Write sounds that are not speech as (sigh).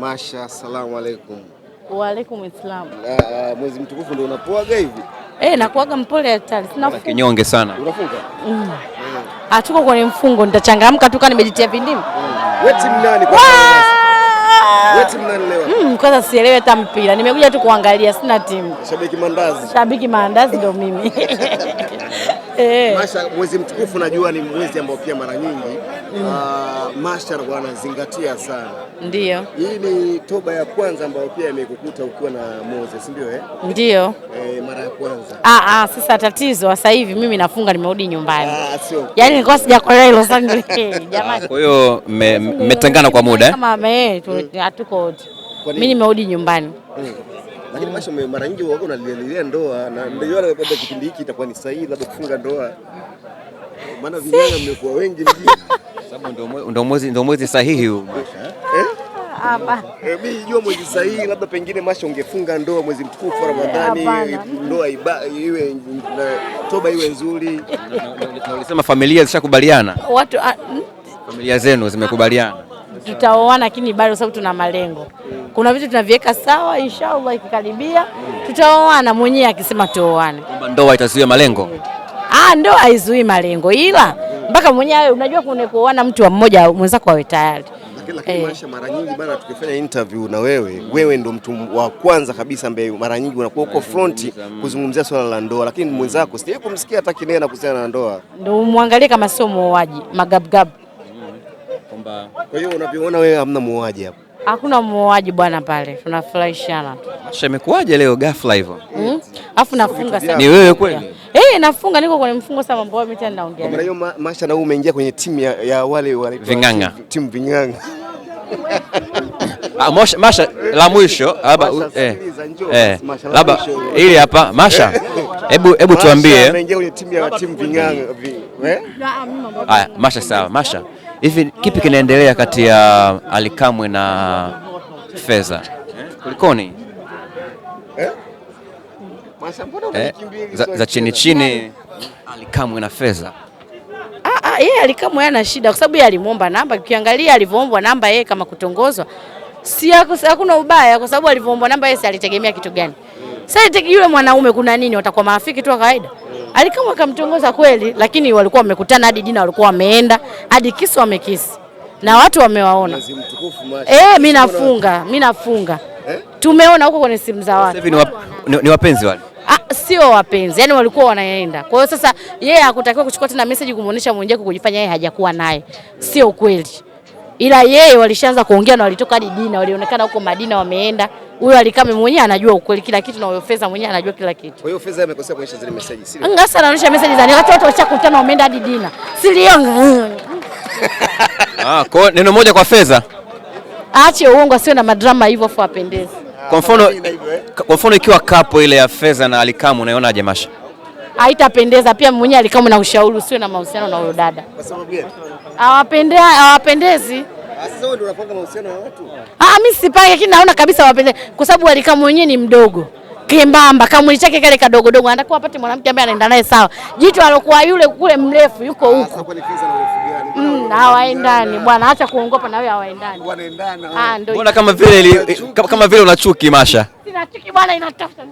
Masha, asalamu alaikum. Waalaikum salam. Na ah, ah, mwezi mtukufu ndio unapoaga hivi? Eh, nakuaga mpole hatari. Sina kinyonge sana. Unafunga? Mm. Mm. kwenye mfungo nitachangamka tu kama nimejitia vindimu. Mm. Wewe timu nani kwa Mm, kwanza sielewe hata mpira, nimekuja tu kuangalia, sina timu. Shabiki mandazi, shabiki mandazi ndo mimi. (laughs) Eh. Masha, mwezi mtukufu najua ni mwezi ambao pia mara nyingi uh, ah, mashar wanazingatia sana. ndio hii ni toba ya kwanza ambayo pia imekukuta ukiwa na Moses, ndio eh? Ndio eh, mara ya kwanza. Ah, ah, sasa tatizo sasa hivi mimi nafunga, nimerudi nyumbani. Ah, sio. Yaani nilikuwa sijakolea hilo sana (laughs) jamani. Ah, kwa hiyo mmetengana kwa muda eh? Kama me hmm. hatuko wote. Mimi nimerudi nyumbani hmm. Lakini Masha, mara nyingi wako unalilia ndoa na ndio wale kipindi hiki itakuwa ni sahihi labda kufunga ndoa, maana vijana mmekuwa wengi mjini sababu mwezi sahihi huu Masha. Eh, mimi jua mwezi sahihi labda pengine Masha ungefunga ndoa mwezi mtukufu Ramadhani, ndoa iwe toba iwe nzuri. Na ulisema familia zishakubaliana? Watu ah, hmm? familia zenu zimekubaliana? Tutaoana lakini bado sababu tuna malengo. Kuna vitu tunaviweka sawa, inshallah ikikaribia tutaoana, mwenyewe akisema tuoane. ndoa itazuia malengo? Ah, ndoa haizuii malengo ila mpaka mwenyewe unajua kuona mtu wa mmoja mwenzako awe tayari lakini eh. Maisha, mara nyingi bana, tukifanya interview na wewe, wewe ndo mtu wa kwanza kabisa ambaye mara nyingi unakuwa uko fronti kuzungumzia swala la ndoa, lakini mwenzako sijawahi kumsikia hata kinena kuhusiana na ndoa. Ndio umwangalie kama sio muoaji magabgab. Mm. Kwa hiyo unavyoona wewe, hamna muoaji hapo? Hakuna muuaji bwana pale, tunafurahishana tu. Sasa imekuwaje leo ghafla hivyo? Mm. Alafu nafunga sasa. Ni wewe kweli? Eh, nafunga niko kwenye mfungo sasa mambo yote tena naongea. Kwa hiyo Masha na wewe umeingia kwenye timu ya, ya wale wanaitwa Ving'ang'a. Timu Ving'ang'a. Ah, Masha la mwisho labda eh, eh, labda ili hapa Masha, hebu hebu tuambie. Anaingia kwenye timu ya timu Ving'ang'a. Eh? Haya, Masha sawa, Masha. Hivi kipi kinaendelea kati ya Alikamwe na Feza kulikoni eh? Eh, za, za chini chini Alikamwe na Feza ah, ah, yeye Alikamwe ana shida kwa sababu yeye alimwomba namba. Ukiangalia alivyoombwa namba yeye kama kutongozwa, si hakuna ubaya, kwa sababu alivyoombwa namba yeye alitegemea kitu gani? Sasa yule mwanaume kuna nini, watakuwa marafiki tu wa kawaida? alikuwa wakamtongoza akamtongoza kweli, lakini walikuwa wamekutana hadi jina walikuwa wameenda hadi kisi wamekisi na watu wamewaona. Eh, mimi nafunga mimi nafunga eh? Tumeona huko kwenye simu za watu ni, wap, ni, ni wapenzi wale ah, sio wapenzi, yani walikuwa wanaenda. Kwa hiyo sasa yeye hakutakiwa kuchukua tena message kumuonesha mwenzake kujifanya yeye hajakuwa naye, sio kweli. Ila yeye walishaanza kuongea na walitoka hadi Dina, walionekana huko Madina wameenda huyo Alikame mwenyewe anajua ukweli kila kitu, na huyo Feza mwenyewe anajua kila kitu. Kwa hiyo Feza amekosea kuonyesha zile message, sio ngasa, anaonyesha message za watu, watu washakutana wameenda hadi dina, sio ah. Kwa neno moja kwa Feza, aache uongo, sio na madrama hivyo, afu apendeze. Ah, kwa mfano eh. kwa mfano, ikiwa kapo ile ya Feza na Alikamu, Alikame, unaionaje Masha? Haitapendeza pia, mwenyewe Alikamu na ushauri, sio na mahusiano na huyo dada, kwa sababu gani? Hawapendezi. Ah, mimi sipange, lakini naona kabisa wapende, kwa sababu Alikamwe mwenyewe ni mdogo kimbamba kamwili chake kale kadogo dogo, anatakiwa apate mwanamke ambaye anaenda naye sawa. Jitu alokuwa yule kule mrefu yuko ah, huko mm, hawaendani bwana, acha kuongopa na wewe, hawaendani ah, mbona, kama vile kama vile unachuki Masha? Sina chuki bwana, inatafuta